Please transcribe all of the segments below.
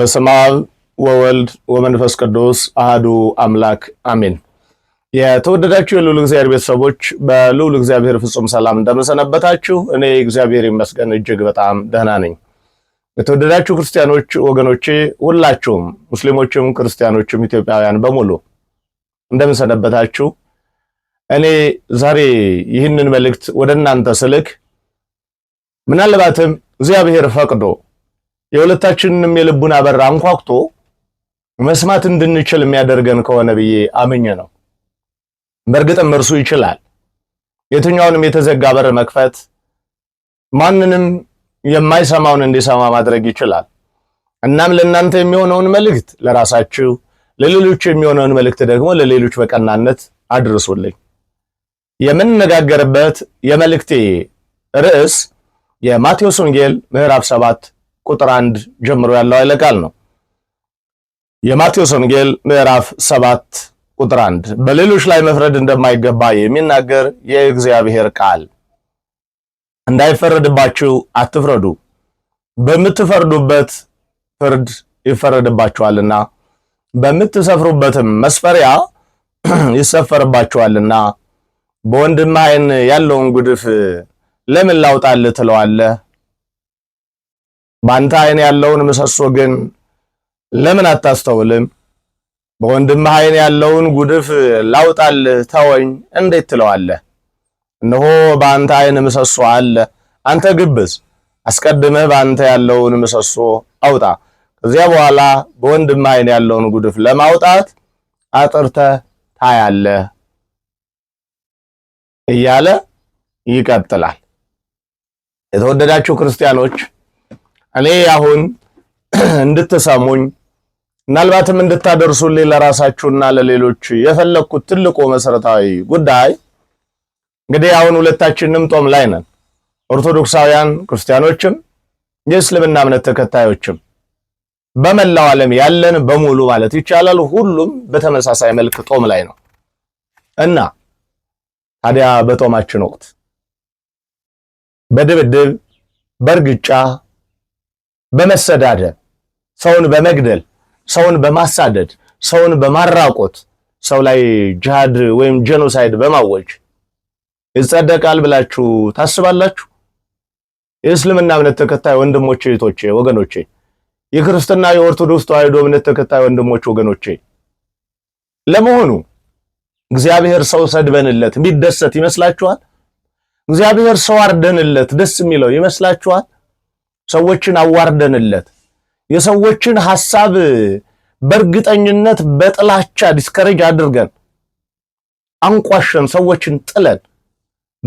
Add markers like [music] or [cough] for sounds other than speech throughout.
በስመ አብ ወወልድ ወመንፈስ ቅዱስ አህዱ አምላክ አሜን። የተወደዳችሁ የልዑል እግዚአብሔር ቤተሰቦች በልዑል እግዚአብሔር ፍጹም ሰላም እንደምንሰነበታችሁ፣ እኔ እግዚአብሔር ይመስገን እጅግ በጣም ደህና ነኝ። የተወደዳችሁ ክርስቲያኖች ወገኖቼ ሁላችሁም ሙስሊሞችም ክርስቲያኖችም ኢትዮጵያውያን በሙሉ እንደምንሰነበታችሁ። እኔ ዛሬ ይህንን መልእክት ወደ እናንተ ስልክ ምናልባትም እግዚአብሔር ፈቅዶ የሁለታችንንም የልቡን በር አንኳኩቶ መስማት እንድንችል የሚያደርገን ከሆነ ብዬ አምኜ ነው። በእርግጥም እርሱ ይችላል የትኛውንም የተዘጋ በር መክፈት፣ ማንንም የማይሰማውን እንዲሰማ ማድረግ ይችላል። እናም ለእናንተ የሚሆነውን መልእክት ለራሳችሁ፣ ለሌሎች የሚሆነውን መልእክት ደግሞ ለሌሎች በቀናነት አድርሱልኝ። የምንነጋገርበት የመልእክቴ ርዕስ የማቴዎስ ወንጌል ምዕራፍ ሰባት? ቁጥር አንድ ጀምሮ ያለው ኃይለ ቃል ነው። የማቴዎስ ወንጌል ምዕራፍ ሰባት ቁጥር አንድ በሌሎች ላይ መፍረድ እንደማይገባ የሚናገር የእግዚአብሔር ቃል እንዳይፈረድባችሁ አትፍረዱ፣ በምትፈርዱበት ፍርድ ይፈረድባችኋልና በምትሰፍሩበትም መስፈሪያ [clears throat] ይሰፈርባችኋልና በወንድም ዓይን ያለውን ጉድፍ ለምን ላውጣልህ ትለዋለህ ባንተ ዓይን ያለውን ምሰሶ ግን ለምን አታስተውልም? በወንድምህ ዓይን ያለውን ጉድፍ ላውጣልህ ተወኝ እንዴት ትለዋለህ? እነሆ በአንተ ዓይን ምሰሶ አለ። አንተ ግብዝ፣ አስቀድመህ በአንተ ያለውን ምሰሶ አውጣ። ከዚያ በኋላ በወንድምህ ዓይን ያለውን ጉድፍ ለማውጣት አጥርተህ ታያለህ እያለ ይቀጥላል። የተወደዳችሁ ክርስቲያኖች እኔ አሁን [clears throat] እንድትሰሙኝ ምናልባትም እንድታደርሱልኝ ለራሳችሁና ለሌሎች የፈለግኩት ትልቁ መሰረታዊ ጉዳይ እንግዲህ አሁን ሁለታችንም ጦም ላይ ነን። ኦርቶዶክሳውያን ክርስቲያኖችም የእስልምና እምነት ተከታዮችም በመላው ዓለም ያለን በሙሉ ማለት ይቻላል ሁሉም በተመሳሳይ መልክ ጦም ላይ ነው እና ታዲያ በጦማችን ወቅት በድብድብ በእርግጫ በመሰዳደብ ሰውን በመግደል ሰውን በማሳደድ ሰውን በማራቆት ሰው ላይ ጂሃድ ወይም ጄኖሳይድ በማወጅ ይጸደቃል ብላችሁ ታስባላችሁ? የእስልምና እምነት ተከታይ ወንድሞቼ፣ እህቶቼ፣ ወገኖቼ የክርስትና የኦርቶዶክስ ተዋሕዶ እምነት ተከታይ ወንድሞች ወገኖቼ፣ ለመሆኑ እግዚአብሔር ሰው ሰድበንለት የሚደሰት ይመስላችኋል? እግዚአብሔር ሰው አርደንለት ደስ የሚለው ይመስላችኋል? ሰዎችን አዋርደንለት የሰዎችን ሐሳብ በእርግጠኝነት በጥላቻ ዲስከሬጅ አድርገን አንቋሸን ሰዎችን ጥለን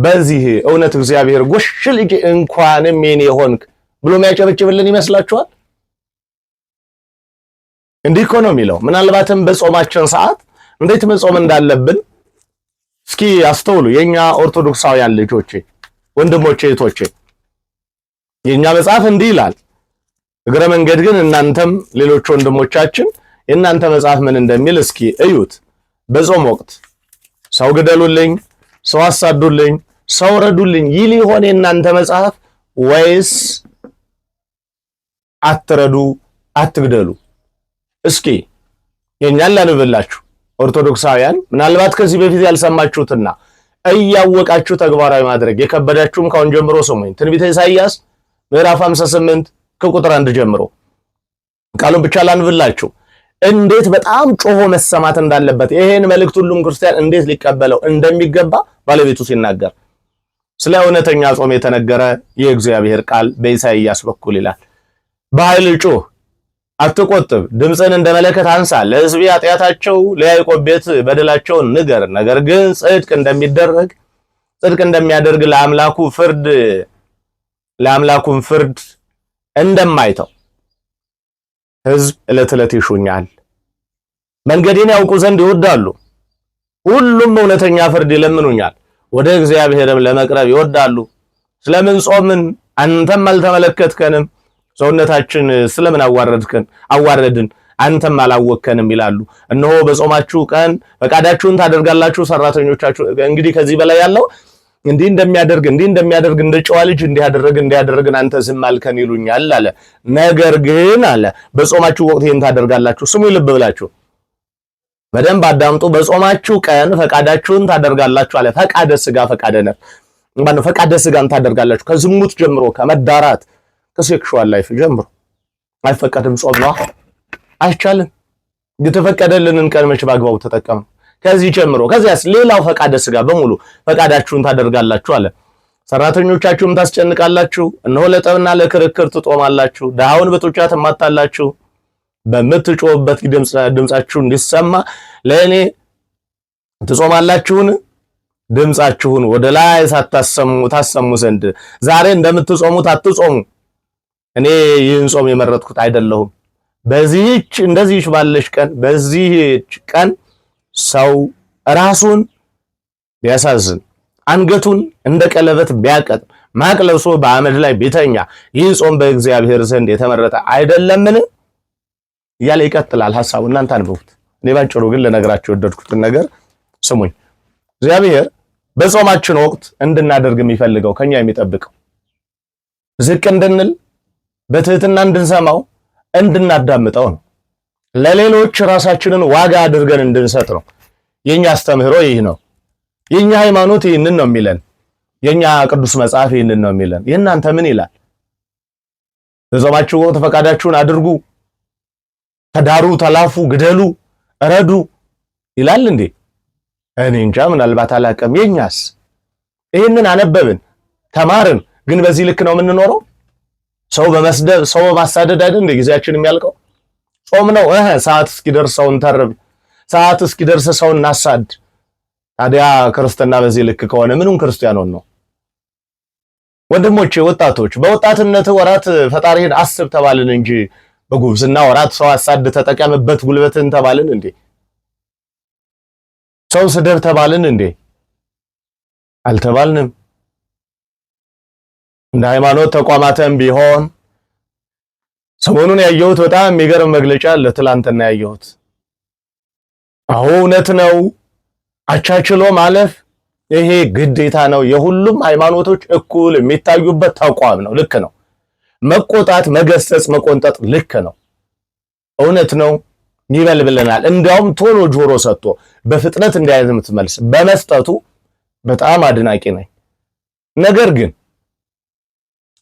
በዚህ እውነት እግዚአብሔር ጎሽ ልጅ እንኳንም የኔ ሆንክ ብሎ የሚያጨበጭብልን ይመስላችኋል? እንዲህ እኮ ነው የሚለው። ምናልባትም በጾማችን ሰዓት እንዴት መጾም እንዳለብን እስኪ አስተውሉ። የኛ ኦርቶዶክሳውያን ልጆቼ፣ ወንድሞቼ፣ እህቶቼ የእኛ መጽሐፍ እንዲህ ይላል። እግረ መንገድ ግን እናንተም ሌሎች ወንድሞቻችን የእናንተ መጽሐፍ ምን እንደሚል እስኪ እዩት። በጾም ወቅት ሰው ግደሉልኝ፣ ሰው አሳዱልኝ፣ ሰው ረዱልኝ ይል ይሆን የእናንተ መጽሐፍ ወይስ አትረዱ፣ አትግደሉ? እስኪ የእኛን ላንብብላችሁ። ኦርቶዶክሳውያን ምናልባት ከዚህ በፊት ያልሰማችሁትና እያወቃችሁ ተግባራዊ ማድረግ የከበዳችሁም ካሁን ጀምሮ ስሙኝ። ትንቢተ ኢሳይያስ ምዕራፍ 58 ከቁጥር አንድ ጀምሮ ቃሉን ብቻ ላንብላችሁ እንዴት በጣም ጮሆ መሰማት እንዳለበት ይሄን መልእክት ሁሉም ክርስቲያን እንዴት ሊቀበለው እንደሚገባ ባለቤቱ ሲናገር ስለ እውነተኛ ጾም የተነገረ የእግዚአብሔር ቃል በኢሳይያስ በኩል ይላል። በኃይል ጩህ፣ አትቆጥብ፣ ድምፅን እንደ መለከት አንሳ፣ ለሕዝቤ ኃጢአታቸው፣ ለያዕቆብ ቤት በደላቸውን ንገር። ነገር ግን ጽድቅ እንደሚደረግ ጽድቅ እንደሚያደርግ ለአምላኩ ፍርድ ለአምላኩን ፍርድ እንደማይተው ህዝብ እለት እለት ይሹኛል። መንገዴን ያውቁ ዘንድ ይወዳሉ። ሁሉም እውነተኛ ፍርድ ይለምኑኛል፣ ወደ እግዚአብሔርም ለመቅረብ ይወዳሉ። ስለምን ጾምን? አንተም አልተመለከትከንም፣ ሰውነታችን ስለምን አዋረድከን አዋረድን አንተም አላወከንም ይላሉ። እነሆ በጾማችሁ ቀን ፈቃዳችሁን ታደርጋላችሁ፣ ሰራተኞቻችሁ እንግዲህ ከዚህ በላይ ያለው እንዲህ እንደሚያደርግ እንዲህ እንደሚያደርግ እንደ ጨዋ ልጅ እንዲያደርግ እንዲያደርግን አንተ ዝም አልከን ይሉኛል አለ። ነገር ግን አለ በጾማችሁ ወቅት ይህን ታደርጋላችሁ። ስሙ ልብ ብላችሁ በደንብ አዳምጡ። በጾማችሁ ቀን ፈቃዳችሁን ታደርጋላችሁ አለ። ፈቃደ ስጋ ፈቃደ ነፍስ ማለት ፈቃደ ስጋን ታደርጋላችሁ። ከዝሙት ጀምሮ ከመዳራት ከሴክሹዋል ላይፍ ጀምሮ አይፈቀድም። ጾም ነው አይቻልም። የተፈቀደልንን ቀን መቼ በአግባቡ ተጠቀምን? ከዚህ ጨምሮ ከዚያስ ሌላው ፈቃደ ስጋ በሙሉ ፈቃዳችሁን ታደርጋላችሁ አለ። ሰራተኞቻችሁም ታስጨንቃላችሁ። እነሆ ለጠብና ለክርክር ትጦማላችሁ። ድሃውን በጡጫ ትማታላችሁ። በምትጮህበት ድምጻችሁ እንዲሰማ ለእኔ ትጾማላችሁን? ድምጻችሁን ወደ ላይ ሳታሰሙ ታሰሙ ዘንድ ዛሬ እንደምትጾሙት አትጾሙ። እኔ ይህን ጾም የመረጥኩት አይደለሁም። በዚህች እንደዚህች ባለች ቀን በዚህች ቀን ሰው ራሱን ቢያሳዝን አንገቱን እንደ ቀለበት ቢያቀጥም ማቅ ለብሶ በአመድ ላይ ቢተኛ ይህ ጾም በእግዚአብሔር ዘንድ የተመረጠ አይደለምን? እያለ ይቀጥላል ሐሳቡ። እናንተ አንብቡት። እኔ ባጭሩ ግን ለነገራቸው የወደድኩትን ነገር ስሙኝ። እግዚአብሔር በጾማችን ወቅት እንድናደርግ የሚፈልገው ከኛ የሚጠብቀው ዝቅ እንድንል፣ በትህትና እንድንሰማው፣ እንድናዳምጠው ነው። ለሌሎች ራሳችንን ዋጋ አድርገን እንድንሰጥ ነው። የኛ አስተምህሮ ይህ ነው። የኛ ሃይማኖት ይህንን ነው የሚለን። የኛ ቅዱስ መጽሐፍ ይህንን ነው የሚለን። የእናንተ ምን ይላል? በጾማችሁ ወቅት ፈቃዳችሁን አድርጉ፣ ተዳሩ፣ ተላፉ፣ ግደሉ፣ እረዱ ይላል እንዴ? እኔ እንጃ፣ ምናልባት አላቅም። የኛስ ይህንን አነበብን ተማርን፣ ግን በዚህ ልክ ነው የምንኖረው? ሰው በመስደብ ሰው በማሳደድ አይደል እንዴ ጊዜያችን የሚያልቀው? ጾም ነው እህ ሰዓት እስኪደርስ ሰውን ተርብ፣ ሰዓት እስኪደርስ ሰውን እናሳድ። ታዲያ ክርስትና በዚህ ልክ ከሆነ ምኑን ክርስቲያኖን ነው? ወንድሞቼ ወጣቶች፣ በወጣትነት ወራት ፈጣሪህን አስብ ተባልን እንጂ በጉብዝና ወራት ሰው አሳድ ተጠቀምበት ጉልበትን ተባልን እንዴ? ሰው ስደብ ተባልን እንዴ? አልተባልንም። እንደ ሃይማኖት ተቋማትም ቢሆን ሰሞኑን ያየሁት በጣም የሚገርም መግለጫ አለ። ትላንትና ያየሁት አሁ እውነት ነው። አቻችሎ ማለፍ ይሄ ግዴታ ነው። የሁሉም ሃይማኖቶች እኩል የሚታዩበት ተቋም ነው። ልክ ነው። መቆጣት፣ መገሰጽ፣ መቆንጠጥ ልክ ነው። እውነት ነው። ይበልብልናል። እንዲያውም ቶሎ ጆሮ ሰጥቶ በፍጥነት እንዲያይዝ የምትመልስ በመስጠቱ በጣም አድናቂ ነኝ። ነገር ግን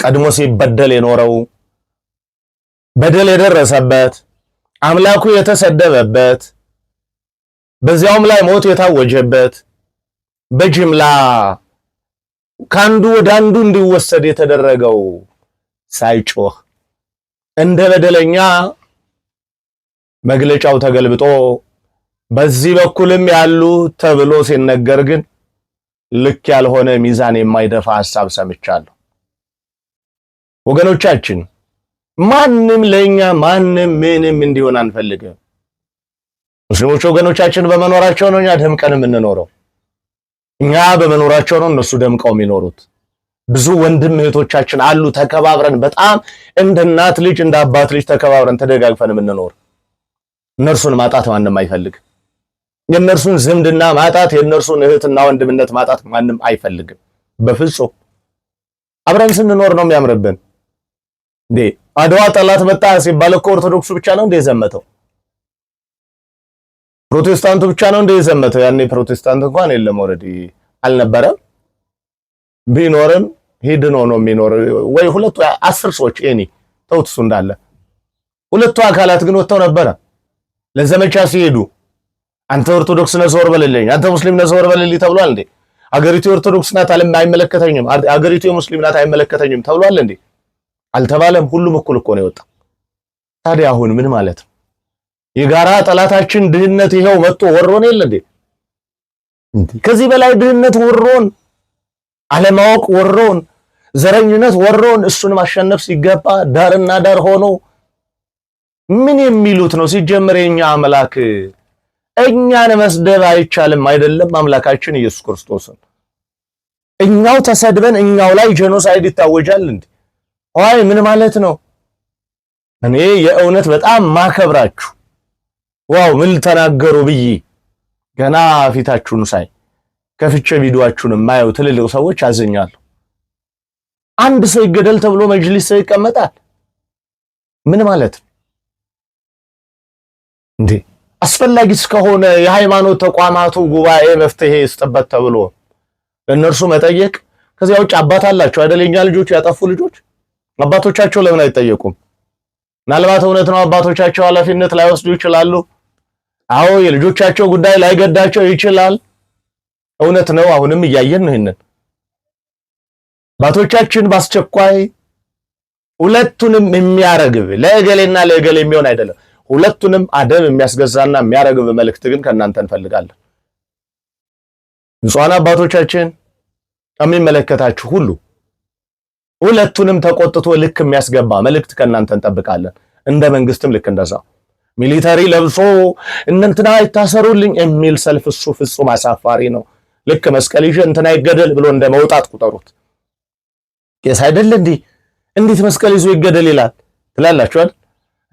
ቀድሞ ሲበደል የኖረው በደል የደረሰበት አምላኩ የተሰደበበት በዚያውም ላይ ሞት የታወጀበት በጅምላ ከአንዱ ወደ አንዱ እንዲወሰድ የተደረገው ሳይጮህ እንደ በደለኛ መግለጫው ተገልብጦ በዚህ በኩልም ያሉ ተብሎ ሲነገር ግን ልክ ያልሆነ ሚዛን የማይደፋ ሐሳብ ሰምቻለሁ ወገኖቻችን። ማንም ለኛ ማንም ምንም እንዲሆን አንፈልግም። ሙስሊሞች ወገኖቻችን በመኖራቸው ነው እኛ ደምቀን የምንኖረው። እኛ በመኖራቸው ነው እነሱ ደምቀው የሚኖሩት። ብዙ ወንድም እህቶቻችን አሉ ተከባብረን በጣም እንደ እናት ልጅ እንደ አባት ልጅ ተከባብረን ተደጋግፈን የምንኖር እነርሱን ማጣት ማንም አይፈልግም። የእነርሱን ዝምድና ማጣት የእነርሱን እህትና ወንድምነት ማጣት ማንም አይፈልግም በፍጹም። አብረን ስንኖር ነው የሚያምርብን። እንዴ አድዋ ጠላት መጣ ሲባል እኮ ኦርቶዶክሱ ብቻ ነው እንዴ ዘመተው? ፕሮቴስታንቱ ብቻ ነው እንዴ ዘመተው? ያኔ ፕሮቴስታንት እንኳን የለም ኦልሬዲ አልነበረም። ቢኖርም ሂድኖ ነው የሚኖር ወይ ሁለቱ አስር ሰዎች ኤኒ ተውትሱ እንዳለ ሁለቱ አካላት ግን ወጥተው ነበረ ለዘመቻ ሲሄዱ አንተ ኦርቶዶክስ ነህ ዞር በልልኝ፣ አንተ ሙስሊም ነህ ዞር በልልኝ ተብሏል እንዴ? አገሪቱ የኦርቶዶክስ ናት አይመለከተኝም፣ አገሪቱ የሙስሊም ናት አይመለከተኝም ተብሏል እንዴ? አልተባለም። ሁሉም እኩል እኮ ነው የወጣው። ታዲያ አሁን ምን ማለት ነው? የጋራ ጠላታችን ድህነት ይኸው መጥቶ ወሮን የለ እንዴ? ከዚህ በላይ ድህነት ወሮን፣ አለማወቅ ወሮን፣ ዘረኝነት ወሮን፣ እሱን ማሸነፍ ሲገባ ዳርና ዳር ሆኖ ምን የሚሉት ነው? ሲጀመር የኛ አምላክ እኛን መስደብ አይቻልም አይደለም? አምላካችን ኢየሱስ ክርስቶስን እኛው ተሰድበን እኛው ላይ ጄኖሳይድ ይታወጃል እንዴ? ዋይ ምን ማለት ነው? እኔ የእውነት በጣም ማከብራችሁ ዋው ምን ተናገሩ ብዬ ገና ፊታችሁን ሳይ ከፍቼ ቪዲዮአችሁን የማየው ትልልቅ ሰዎች አዝኛለሁ። አንድ ሰው ይገደል ተብሎ መጅሊስ ሰው ይቀመጣል። ምን ማለት ነው እንዴ? አስፈላጊ እስከሆነ የሃይማኖት ተቋማቱ ጉባኤ መፍትሄ ይስጥበት ተብሎ ለእነርሱ መጠየቅ። ከዚያ ውጭ አባት አላቸው አይደል? የኛ ልጆች ያጠፉ ልጆች አባቶቻቸው ለምን አይጠየቁም? ምናልባት እውነት ነው አባቶቻቸው ኃላፊነት ላይወስዱ ይችላሉ። አዎ የልጆቻቸው ጉዳይ ላይገዳቸው ይችላል። እውነት ነው። አሁንም እያየን ነው። ይሄንን አባቶቻችን በአስቸኳይ ሁለቱንም የሚያረግብ ለእገሌና ለእገሌ የሚሆን አይደለም። ሁለቱንም አደብ የሚያስገዛና የሚያረግብ መልእክት ግን ከእናንተ እንፈልጋለን። ንጹሐን አባቶቻችን መለከታችሁ ሁሉ ሁለቱንም ተቆጥቶ ልክ የሚያስገባ መልእክት ከእናንተ እንጠብቃለን። እንደ መንግስትም ልክ እንደዛ ሚሊተሪ ለብሶ እንትና ይታሰሩልኝ የሚል ሰልፍ እሱ ፍጹም አሳፋሪ ነው። ልክ መስቀል ይዤ እንትና ይገደል ብሎ እንደ መውጣት ቁጠሩት። ቄስ አይደለ እንዲህ እንዴት መስቀል ይዞ ይገደል ይላል ትላላችኋል።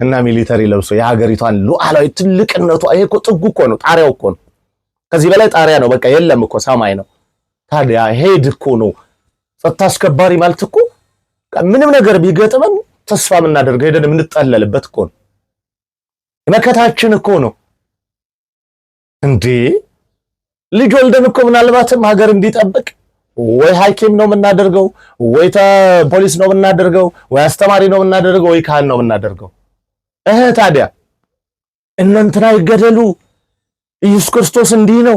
እና ሚሊተሪ ለብሶ የሀገሪቷን ሉዓላዊ ትልቅነቷ ይሄ እኮ ጥጉ እኮ ነው፣ ጣሪያው እኮ ነው። ከዚህ በላይ ጣሪያ ነው በቃ የለም እኮ ሰማይ ነው። ታዲያ ሄድ እኮ ነው ጸጥታ አስከባሪ ማለት እኮ ምንም ነገር ቢገጥመን ተስፋ የምናደርገው ሄደን የምንጠለልበት እኮ ነው። መከታችን እኮ ነው እንዴ! ልጅ ወልደን እኮ ምናልባትም ሀገር እንዲጠብቅ ወይ ሐኪም ነው የምናደርገው፣ ወይ ፖሊስ ነው የምናደርገው፣ ወይ አስተማሪ ነው የምናደርገው፣ ወይ ካህን ነው የምናደርገው። እህ ታዲያ እነንትና ይገደሉ ኢየሱስ ክርስቶስ እንዲህ ነው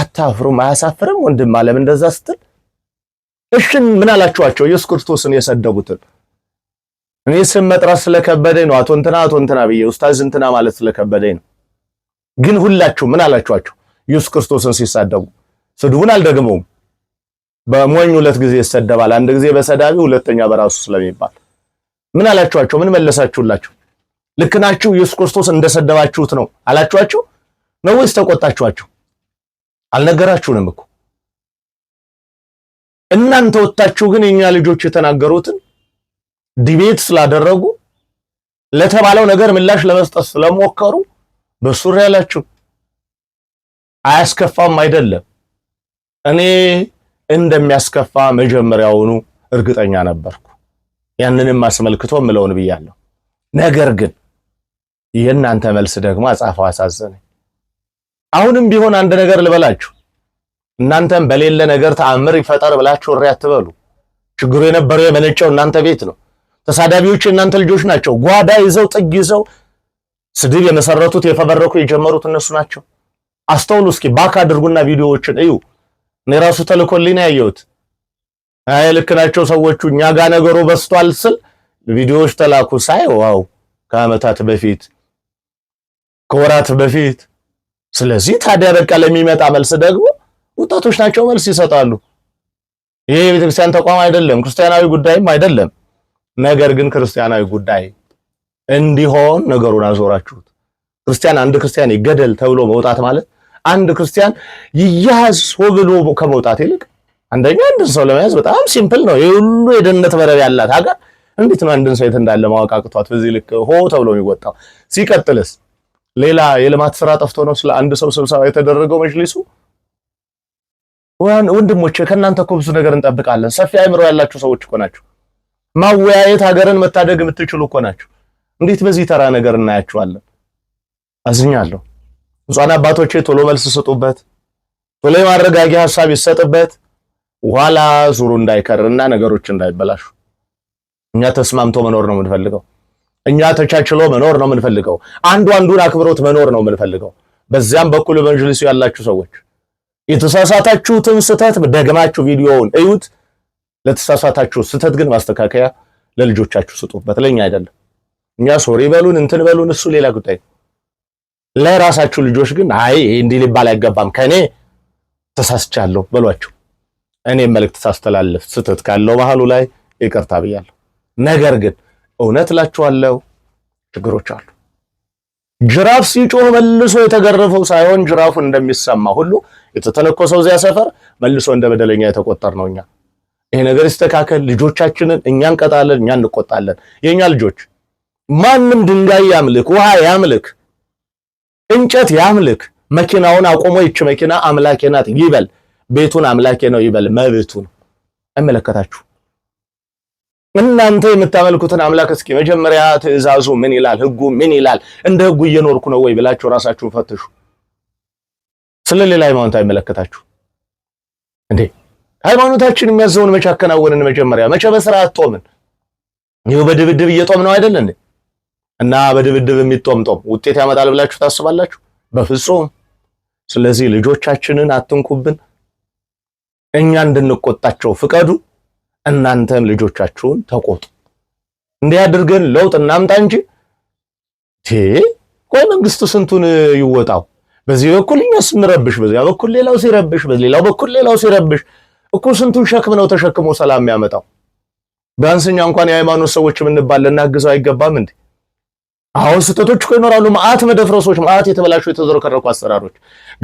አታፍሩም? አያሳፍርም? ወንድም ዓለም እንደዛ ስትል እሽን ምን አላችኋቸው? ኢየሱስ ክርስቶስን የሰደቡትን እኔ ስም መጥራት ስለከበደኝ ነው። አቶ እንትና አቶ እንትና ብዬ ኡስታዝ እንትና ማለት ስለከበደኝ ነው። ግን ሁላችሁ ምን አላችኋቸው? ኢየሱስ ክርስቶስን ሲሳደቡ ስድቡን አልደግመውም። በሞኝ ሁለት ጊዜ ይሰደባል፣ አንድ ጊዜ በሰዳቢ ሁለተኛ በራሱ ስለሚባል ምን አላችኋቸው? ምን መለሳችሁላቸው? ልክ ናችሁ። ኢየሱስ ክርስቶስ እንደሰደባችሁት ነው አላችኋቸው ነው ወይስ ተቆጣችኋቸው? አልነገራችሁንም እኮ እናንተ ወጣችሁ ግን የኛ ልጆች የተናገሩትን ዲቤት ስላደረጉ ለተባለው ነገር ምላሽ ለመስጠት ስለሞከሩ በሱሪ ያላችሁ አያስከፋም አይደለም። እኔ እንደሚያስከፋ መጀመሪያውኑ እርግጠኛ ነበርኩ። ያንንም አስመልክቶ ምለውን ብያለሁ። ነገር ግን የእናንተ መልስ ደግሞ አጻፋው አሳዘነኝ። አሁንም ቢሆን አንድ ነገር ልበላችሁ እናንተም በሌለ ነገር ተአምር ይፈጠር ብላችሁ እሪ አትበሉ። ችግሩ የነበረው የመነጨው እናንተ ቤት ነው። ተሳዳቢዎች እናንተ ልጆች ናቸው። ጓዳ ይዘው ጥግ ይዘው ስድብ የመሰረቱት የፈበረኩ የጀመሩት እነሱ ናቸው። አስተውሉ እስኪ ባክ አድርጉና ቪዲዮዎችን እዩ። እኔ ራሱ ተልኮልኝ ያየሁት አይ ልክ ናቸው ሰዎቹ እኛ ጋ ነገሩ በስቷል ስል ቪዲዮዎች ተላኩ ሳይ ዋው ከአመታት በፊት ከወራት በፊት ስለዚህ ታዲያ በቃ ለሚመጣ መልስ ደግሞ ወጣቶች ናቸው መልስ ይሰጣሉ። ይሄ የቤተክርስቲያን ተቋም አይደለም፣ ክርስቲያናዊ ጉዳይም አይደለም። ነገር ግን ክርስቲያናዊ ጉዳይ እንዲሆን ነገሩን አዞራችሁት። ክርስቲያን አንድ ክርስቲያን ይገደል ተብሎ መውጣት ማለት አንድ ክርስቲያን ይያዝ ብሎ ከመውጣት ይልቅ አንደኛ አንድን ሰው ለመያዝ በጣም ሲምፕል ነው። የሁሉ የደህንነት መረብ ያላት ሀገር እንዴት ነው አንድን ሰው የት እንዳለ ማወቅ አቅቷት በዚህ ልክ ሆ ተብሎ የሚወጣው? ሲቀጥልስ ሌላ የልማት ስራ ጠፍቶ ነው ስለ አንድ ሰው ስብሰባ የተደረገው መጅሊሱ? ወንድሞች ከእናንተ እኮ ብዙ ነገር እንጠብቃለን። ሰፊ አእምሮ ያላችሁ ሰዎች እኮ ናችሁ። ማወያየት ሀገርን መታደግ የምትችሉ እኮ ናችሁ። እንዴት በዚህ ተራ ነገር እናያችኋለን? አዝኛለሁ። ብፁዓን አባቶቼ ቶሎ መልስ ስጡበት፣ ቶሎ የማረጋጊያ ሀሳብ ይሰጥበት። ኋላ ዙሩ እንዳይከርና ነገሮች እንዳይበላሹ እኛ ተስማምቶ መኖር ነው የምንፈልገው። እኛ ተቻችሎ መኖር ነው የምንፈልገው። አንዱ አንዱን አክብሮት መኖር ነው የምንፈልገው። በዚያም በኩል ኢቫንጀሊስቱ ያላችሁ ሰዎች የተሳሳታችሁትን ስህተት ደግማችሁ ቪዲዮውን እዩት። ለተሳሳታችሁ ስህተት ግን ማስተካከያ ለልጆቻችሁ ስጡበት፣ ለኛ አይደለም። እኛ ሶሪ በሉን እንትን በሉን እሱ ሌላ ጉዳይ። ለራሳችሁ ልጆች ግን አይ ይሄ እንዲህ ሊባል አይገባም፣ ከኔ ተሳስቻለሁ በሏቸው። እኔም መልእክት ሳስተላልፍ ስህተት ካለው ባህሉ ላይ ይቅርታ ብያለሁ። ነገር ግን እውነት እላችኋለሁ ችግሮች አሉ። ጅራፍ ሲጮህ መልሶ የተገረፈው ሳይሆን ጅራፉ እንደሚሰማ ሁሉ የተተነኮሰው እዚያ ሰፈር መልሶ እንደ በደለኛ የተቆጠር ነው። እኛ ይሄ ነገር ይስተካከል፣ ልጆቻችንን እኛ እንቀጣለን፣ እኛ እንቆጣለን። የእኛ ልጆች ማንም ድንጋይ ያምልክ፣ ውሃ ያምልክ፣ እንጨት ያምልክ፣ መኪናውን አቆሞ ይች መኪና አምላኬ ናት ይበል፣ ቤቱን አምላኬ ነው ይበል፣ መብቱን አይመለከታችሁ። እናንተ የምታመልኩትን አምላክ እስኪ መጀመሪያ ትእዛዙ ምን ይላል? ህጉ ምን ይላል? እንደ ህጉ እየኖርኩ ነው ወይ ብላችሁ ራሳችሁን ፈትሹ። ስለ ሌላ ሃይማኖት አይመለከታችሁ እንዴ? ሃይማኖታችን የሚያዘውን መቼ አከናወንን? መጀመሪያ መቼ በስርዓት ጦምን? ይኸው በድብድብ እየጦም ነው አይደል እንዴ? እና በድብድብ የሚጦም ጦም ውጤት ያመጣል ብላችሁ ታስባላችሁ? በፍጹም። ስለዚህ ልጆቻችንን አትንኩብን፣ እኛ እንድንቆጣቸው ፍቀዱ። እናንተን ልጆቻችሁን ተቆጡ። እንዲህ አድርገን ለውጥ እናምጣ እንጂ ቆይ መንግስቱ ስንቱን ይወጣው። በዚህ በኩል እኛ ስንረብሽ፣ በዚያ በኩል ሌላው ሲረብሽ፣ በሌላው በኩል ሌላው ሲረብሽ እኮ ስንቱን ሸክም ነው ተሸክሞ ሰላም የሚያመጣው። ቢያንስኛ እንኳን የሃይማኖት ሰዎች የምንባል ልናግዘው አይገባም እንዴ? አሁን ስህተቶች እኮ ይኖራሉ። መዓት መደፍረሶች፣ መዓት የተበላሹ የተዘረከረኩ አሰራሮች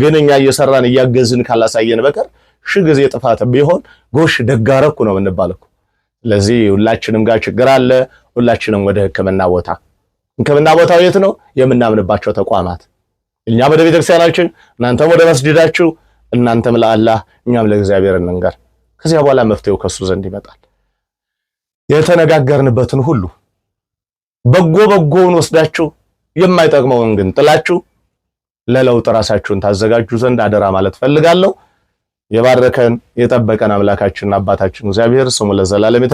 ግን እኛ እየሰራን እያገዝን ካላሳየን በቀር ሺ ጊዜ ጥፋት ቢሆን ጎሽ ደጋረኩ ነው የምንባለው። ስለዚህ ሁላችንም ጋር ችግር አለ። ሁላችንም ወደ ህክምና ቦታ ህክምና ቦታው የት ነው? የምናምንባቸው ተቋማት። እኛም ወደ ቤተክርስቲያናችን፣ እናንተም ወደ መስጅዳችሁ፣ እናንተም ለአላህ እኛም ለእግዚአብሔር እንንገር። ከዚያ በኋላ መፍትሄው ከሱ ዘንድ ይመጣል። የተነጋገርንበትን ሁሉ በጎ በጎውን ወስዳችሁ የማይጠቅመውን ግን ጥላችሁ ለለውጥ ራሳችሁን ታዘጋጁ ዘንድ አደራ ማለት ፈልጋለሁ። የባረከን የጠበቀን አምላካችንና አባታችን እግዚአብሔር ስሙ ለዘላለም